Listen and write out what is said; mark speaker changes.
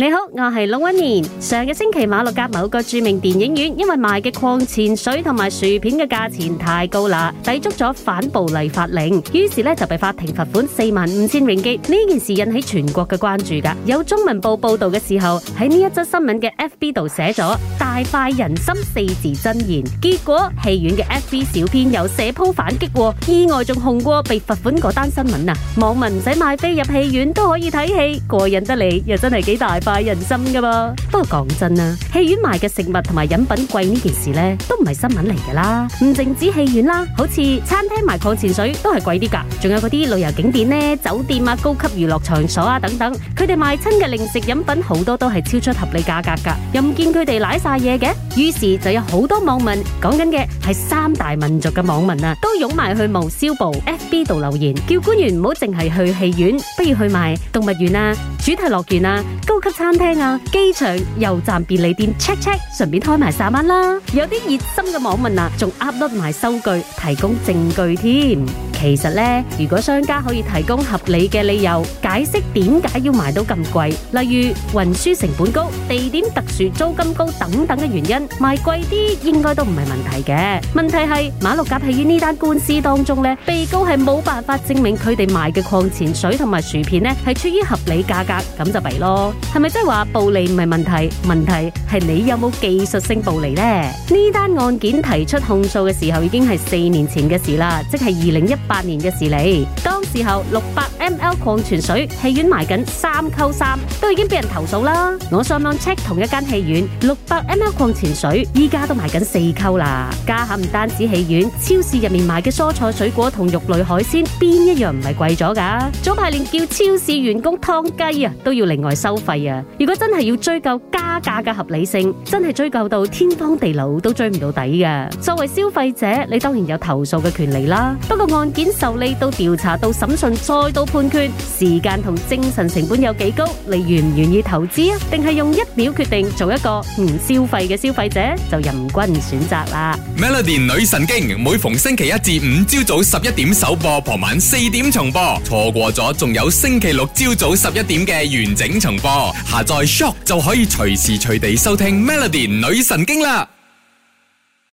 Speaker 1: 你好，我係龍紋敏。上個星期馬六甲某個著名電影院，因為賣嘅礦泉水同埋薯片嘅價錢太高啦，抵觸咗反暴利法令，於是呢就被法庭罰款四萬五千令吉。呢件事引起全國嘅關注噶。有中文報報道嘅時候，喺呢一則新聞嘅 FB 度寫咗“大快人心”四字真言，結果戲院嘅 FB 小編有社抨反擊，意外仲紅過被罰款嗰單新聞啊！網民唔使買飛入戲院都可以睇戲，過癮得嚟又真係幾大。賣人心噶噃，不過講真啊，戲院賣嘅食物同埋飲品貴呢件事呢，都唔係新聞嚟噶啦，唔淨止戲院啦，好似餐廳賣礦泉水都係貴啲噶，仲有嗰啲旅遊景點呢，酒店啊，高級娛樂場所啊等等，佢哋賣親嘅零食飲品好多都係超出合理價格噶，又唔見佢哋瀨晒嘢嘅，於是就有好多網民講緊嘅係三大民族嘅網民啊，都湧埋去無銷部 FB 度留言，叫官員唔好淨係去戲院，不如去賣動物園啊、主題樂園啊、高級。餐廳啊、機場、油站、便利店 check check，順便開埋三蚊啦。有啲熱心嘅網民啊，仲 upload 埋收據，提供證據添。其實呢，如果商家可以提供合理嘅理由，解釋點解要賣到咁貴，例如運輸成本高、地點特殊、租金高等等嘅原因，賣貴啲應該都唔係問題嘅。問題係馬六甲喺於呢單官司當中咧，被告係冇辦法證明佢哋賣嘅礦泉水同埋薯片呢係出於合理價格，咁就弊咯。係咪？即係話，暴利唔係問題，問題係你有冇技術性暴利呢？呢單案件提出控訴嘅時候已經係四年前嘅事啦，即係二零一八年嘅事嚟。當時候六百 ml 礦泉水戲院賣緊三扣三，都已經俾人投訴啦。我上網 check 同一間戲院六百 ml 礦泉水，依家都賣緊四溝啦。家下唔單止戲院，超市入面賣嘅蔬菜、水果同肉類海鮮，邊一樣唔係貴咗噶？早排連叫超市員工劏雞啊，都要另外收費啊！如果真係要追究加價嘅合理性，真係追究到天荒地老都追唔到底嘅。作為消費者，你當然有投訴嘅權利啦。不過案件受理到調查到審訊再到判決，時間同精神成本有幾高？你願唔願意投資啊？定係用一秒決定做一個唔消費嘅消費者，就任君選擇啦。Melody 女神經每逢星期一至五朝早十一點首播，傍晚四點重播。錯過咗仲有星期六朝早十一點嘅完整重播。下載 Shop 就可以隨時隨地收聽 Melody 女神經啦！